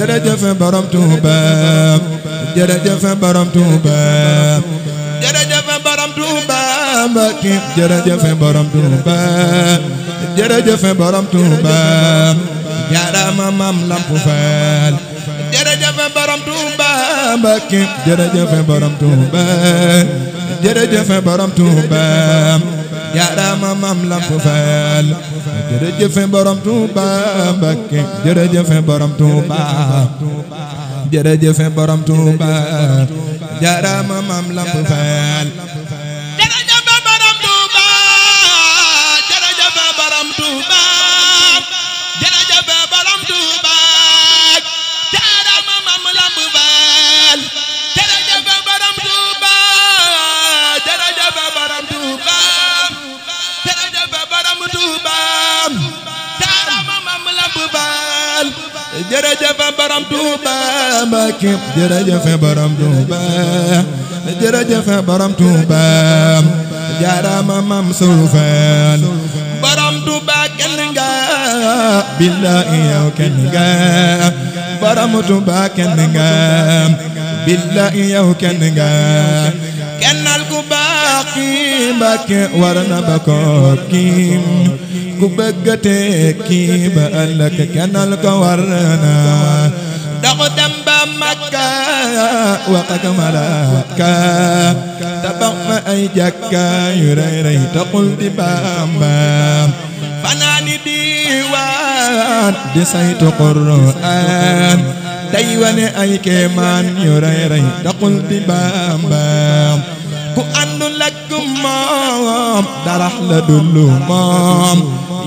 jërëjëf borom Touba jërëjëf borom Touba jërëjëf borom Touba Mbacké jërëjëf borom Touba jërëjëf borom Touba jaarama maam Lamp Fall jërëjëf borom Touba Mbacké jërëjëf borom Touba jërëjëf borom Touba jaarama maam Lamp Fall jërëjëfe borom Touba Mbakke jërëjëfe borom Touba jërëjëfe borom Touba jaaraama maam Lamp Fall jërëjëfe borom Touba jërëjëfe borom Touba jërëjëfe borom Touba jaaraama maam Lamp Fall jërëjëfe borom Touba jërëjëfe borom Touba jërëjëf borom Touba Mbacké jërëjëf borom Touba jërëjëf borom Touba jaarama mam sulfaan borom kenn nga billahi yow kenn nga borom kenn nga Mbàkke war na ba ko kiim ku bëgg tekki ba ëllëg kennal ko war na dox dem ba Makka wax ak malaaka tabax fa ay jàkka yu rëy rëy taxul di Bàmba fanaani diiwaan di saytu Qur'aan day wane ay kéemaan yu rëy rëy taxul di Bàmba ku maam darax la dul moom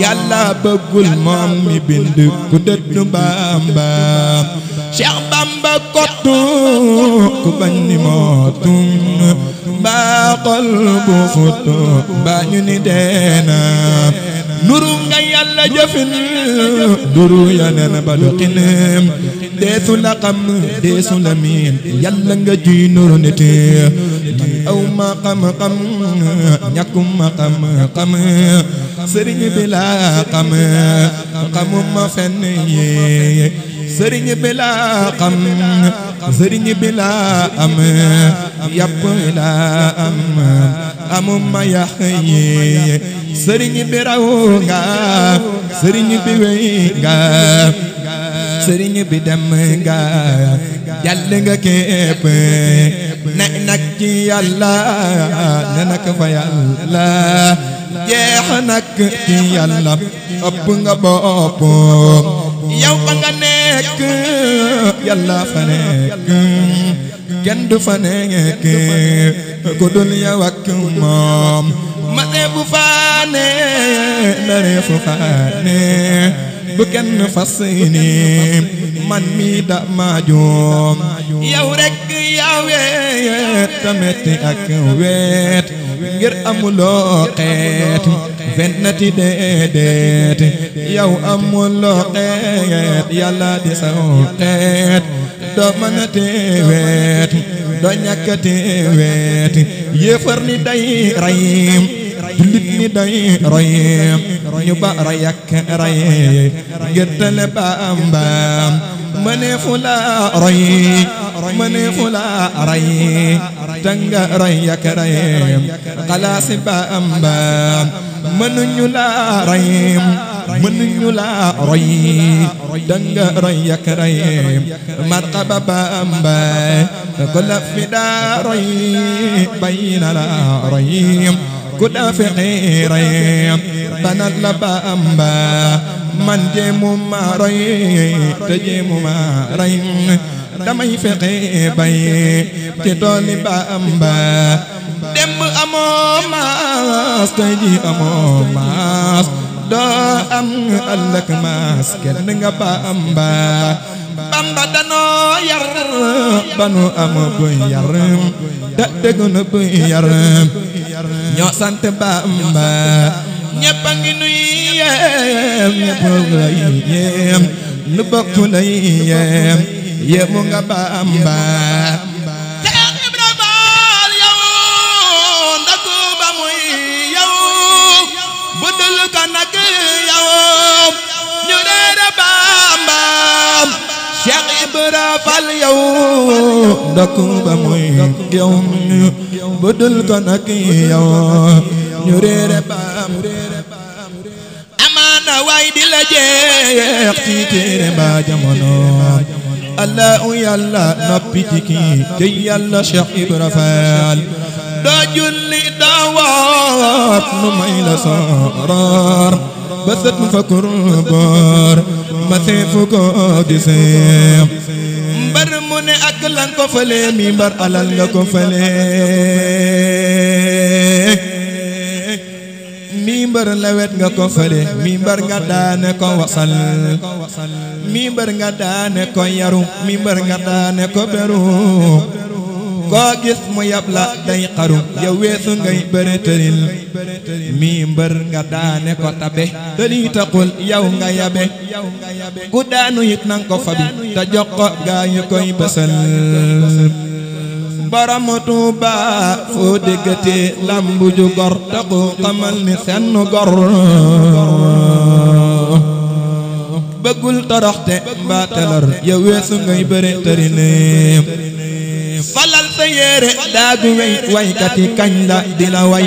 yàlla bëggul moom mi bind ku dëddu bamba Cheikh Bamba kottu ku bañ ni mootum mbaa xol bu futu mbaa ni deena nuru nga yàlla jëfin duru yeneen ba doxinem deesu la xam deesu la miin yàlla nga ji nuru nit aw ma xam sëriñ bi laa xam sëriñ bi laa xam sëriñ bi laa am am amuma sëriñ bi raw nga sëriñ bi wey nga sëriñ bi dem nga jàll nga képp ne nag ci yàlla ne nag fa yàlla jeex nag ci yàlla ëpp nga bopp yow ba nga nekk yàlla fa nekk kenn du fa nekk ku dul yow ak moom ma ne bu faane na reefu faane bu kenn fas man mi da ma joom yow rek yaa weet tamit ak weet ngir amuloo xeet fennati déedéet yow amuloo xeet yàlla di saw xeet doo mënati weet doo ñàkkati weet yéefar ni day rayim jullit ni doy roy ñu ba roy ak roy ngir tele Bamba mëneefu la roy mëneefu la roy tanga roy ak roy xalaasi danga roy marqaba Bamba ko la fi daa roy bayna ku dafe xiire banat la Bamba man jéemu ma te jéemu ma damay fexe bay ci tooli Bamba démb amoo maas tey ji amoo maas doo am ëllëg maas kenn nga Bamba Bamba danoo yar banu am bu yar te dégg bu yar ñoo sant Bamba ñëpp a ngi nuy yeem ñëpp lay yeem lu bokk lay yeem yéemu nga Bamba ba muy yow bu dul ko nag yow ñu reere Bamba Cheikh Ibra Fall yow ndokku ba muy yow budul ko nag yow ñu réere baam amaana di la jeex ci téere ba jamono allah u yàlla noppi ci kii te yàlla Cheikh Ibra Fall doo julli nu may la sooroor ba mi mbar alal nga ko fële mi mbar nga daane ko wasal mi mbar nga daane ko yaru koo gis mu yab la day xaru yow weesu ngay mii mbër nga daane ko tabe te lii taxul yow nga yabe ku daanu nang ko fabi te jox ko gaa yu koy bësal Tuuba foo déggatee lambu ju gor taxu xamal ni senn gor bëggul toroxte mbaa telor yow weesu ngay solal sa yére daa di way waykat yi kañ la di la way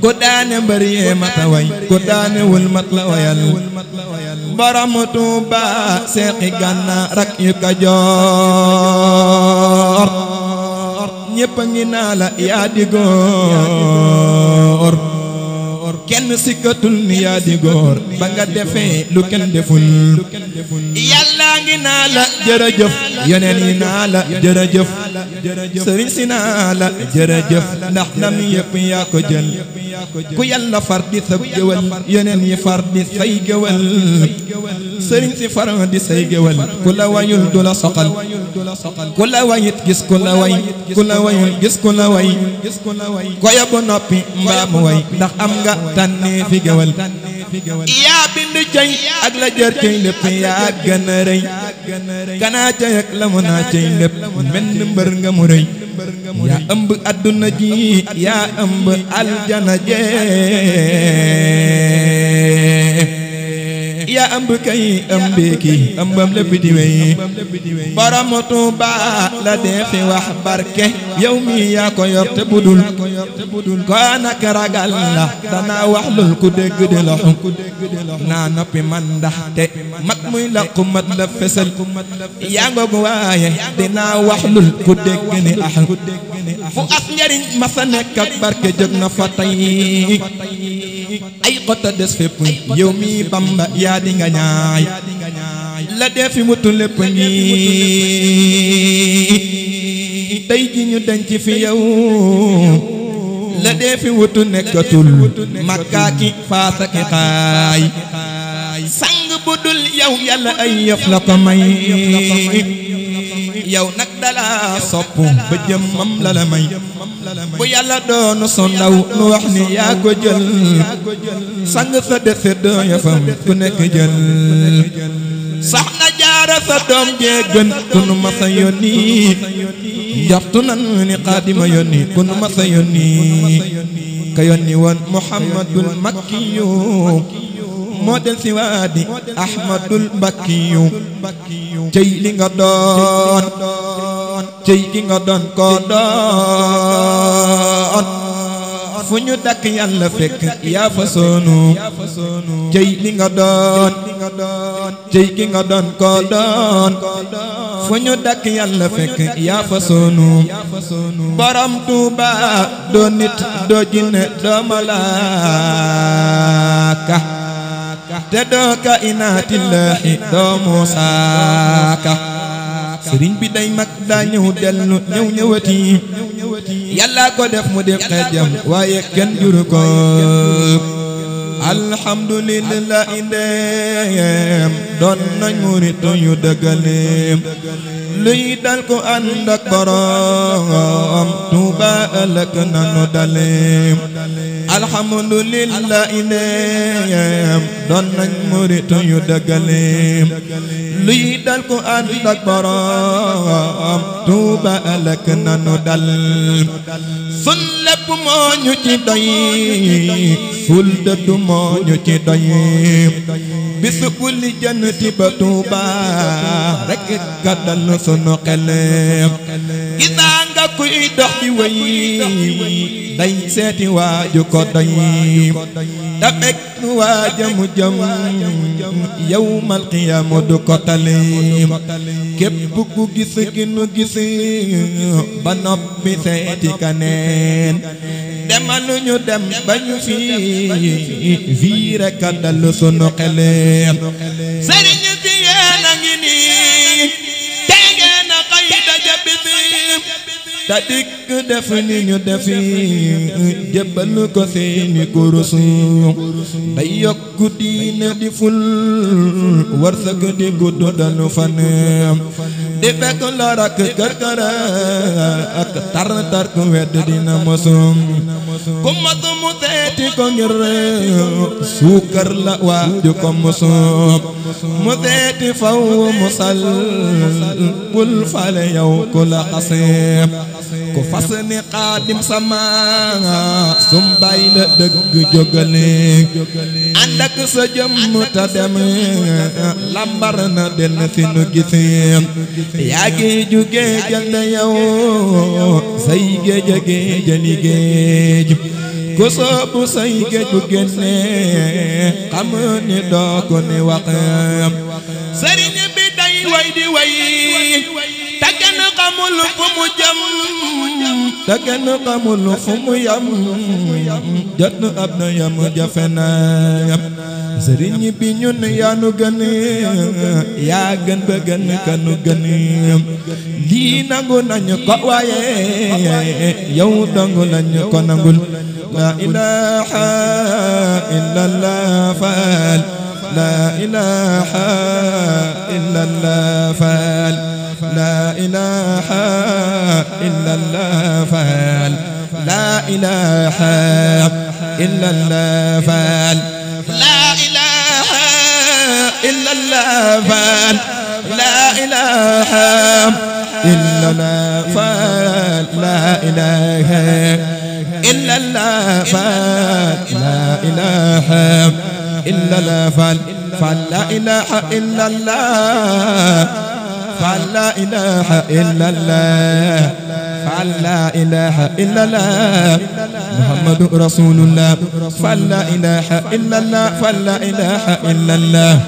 ku daane yee mat a way ku wul mat la wayal borom seexi gànnaar rak yu Kajoor ñépp a naa la yaa di kenn si sikkatul ni yaa di góor ba nga defee lu kenn deful yàlla ngi naa la jërëjëf yeneen yi naa la jërëjëf sëriñ si naa la jërëjëf ndax nam yëpp yaa ko jël ku yàlla far di sa géwël yeneen yi far di say géwël sëriñ si faran di say géwal ku la wayul du la soqal ku la wayit gis ku la way ku la wayul gis way ndax am nga tànnee fi géwal yaa bind cey ak la jër cey lépp yaa gën a rëy kanaa cey la mu naa cey lépp menn mbër nga mu rëy yaa ëmb adduna ji yaa ëmb aljana jee ya ëmb kay ëmbeeki ëmbam lépp di wey borom Tuuba la dee fi wax barke yow mi yaa ko yor te budul ko naka ragal la dana wax ku dégg di naa noppi man te mat muy laqu mat la fesal yaa ngoog waaye dinaa wax ku dégg ni ax fu as njariñ masa nekk ak barke na fa tey ay xota des fépp yow bamba yaa di ñaay la dee fi mutu lépp tey ji ñu denc fi yow la dee fi wutu nekkatul makkaa ki faasa ki xaay sang bu dul yow yàlla ay yëf la yow nag dala sopp ba jëmmam la may bu yàlla doonu so nu wax ni yaa ko jël sang sa def sa doyofam ku nekk jël baara sa doom jee gën ku ni xaadima yónni ku nu ma sa yónni ka yónni woon muhammadul makkiyu moo del si waa di ahmadul bakkiyu cey li nga doon cey ki nga doon koo doon fu ñu dakk yàlla fekk yaa fa soonu cëy li nga doon cëy ki nga doon koo doon fu ñu dakk yàlla fekk yaa fa soonu borom Tuuba doo nit doo jinne doo malaaka te doo ka doo muusaaka sëriñ bi day mag daa ñëw dellu ñëw ñëwati yàllaa ko def mu def xeejam waaye kenn juru ko alhamdulillah indeem doon nañ muritu yu dëggaleem luy dal ko ak boroom tuuba ëllëg nanu dalim alhamdulillahi neem doon nañ murit yu dëggalim luy dal ko ak boroom tuuba ëllëg nanu dal sun lépp moo ñu ci doy ful dëddu moo ñu ci doy bis kulli jannati ba tuuba rekk gàddal na sunu xel gisaa nga kuy dox di wéy day seeti waaju ko doy te fekk waaja mu jëm yawmal qiyaama du ko tali képp ku gis ki nu gis ba noppi seeti kaneen demal ñu dem ba ñu fii fii rek a dal sunu xel sëriñ bi yéen a ngi nii tege na xëy daja bisi te dikk def ni ñu defi jëbbal ko seeni kurus day yokk diine di ful wërsëg di gudd danu faneem di fekk lor ak kër kër ak tar tar ku wedd dina mosum ku mat mu teeti ko ngir suukar la waaju ko musum mu teeti faw musal bul fale yow ku la xaseem ku fas ni xaadim sama sum la dëgg jógale ànd ak sa jëm ta dem lambar na del fi nu gisee yaa ngi jugee jënd yow say géej géej liggéey jub ku soobu say géej bu génnee xam ni doo ko ni bi day way di way takkan xamul fu mu jëm te kenn xamul fu mu yam jot ab na yam jafe na yam sëriñ bi ñun yaanu gën yaa gën ba gën kanu gën lii nangu nañu ko waaye yow dongu nañu ko nangul la ilaha illallah faal la ilaha illallah faal لا إله إلا الله فعل لا إله إلا الله فعل لا إله إلا الله فعل لا إله إلا الله فعل لا إله إلا الله فعل لا إله إلا الله فعل فلا إله إلا الله قال لا إله إلا الله قال لا إله إلا الله محمد رسول الله فلا إله إلا الله فلا إله إلا الله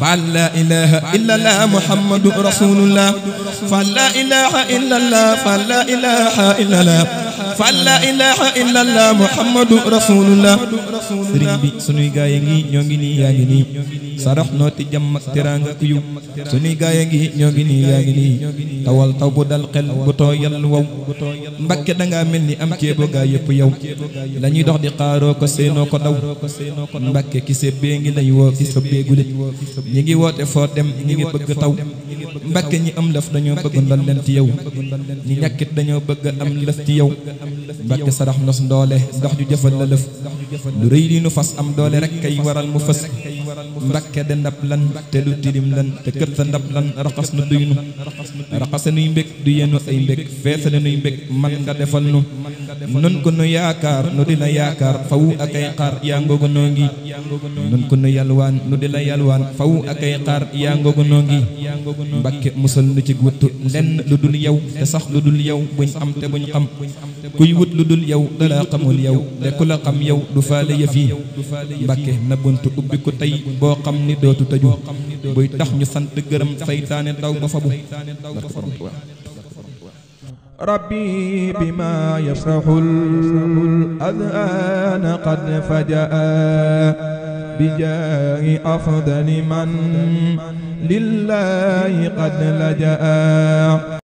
فلا إله إلا الله محمد رسول الله فلا إله إلا الله فلا إله إلا الله fa la ilaha illa allah muhammadu rasulullah sëriñ bi sunuy gaay a ngi ñoo ngi nii yaa ngi nii sarax nooti jàmm ak teraanga yu sunuy gaay a ngi ñoo ngi nii yaa ngi nii tawal taw bu dal xel bu too yal wow mbakke dangaa mel ni am ceebo gaa yëpp yow lañuy dox di xaaroo ko seenoo ko daw mbakke ki sebbee ngi lay woo fi sëbbeegule ñi ngi woote foo dem ñi ngi bëgg taw mbakke ñi am lëf dañoo bëgg ndol leen ci yow ñi ñàkkit dañoo bëgg am lëf ci yow mbakke sarax nos ndoole ndox ju jëfal la lëf lu rëy li nu fas am doole rek kay waral mu fës mbakke de ndab lan te du tilim lan te kët sa ndab lan raxas nu duy nu raxasa nuy mbég du yenu ay mbég feesale nuy mbég man nga defal nu nun ko nu yaakaar nu di la yaakaar faw akay xaar yaa ngoogu noo ngi nun ko nu yalwaan nu di la yalwaan faw akay xaar yaa ngoogu noo ngi mbakke musal nu ci wuttu lenn lu dul yow te sax lu dul yow buñ am te buñ xam kuy wut lu dul yow dalaa xamul yow te ku la xam yow du fa yëf yi mbakke na buntu ubbi ko tey boo xam ni dootu tëju buy tax ñu sant gërëm saytaane daw ba fabu ربي بما يفرح الأذان قد فجأ بجاه أفضل من لله قد لجأ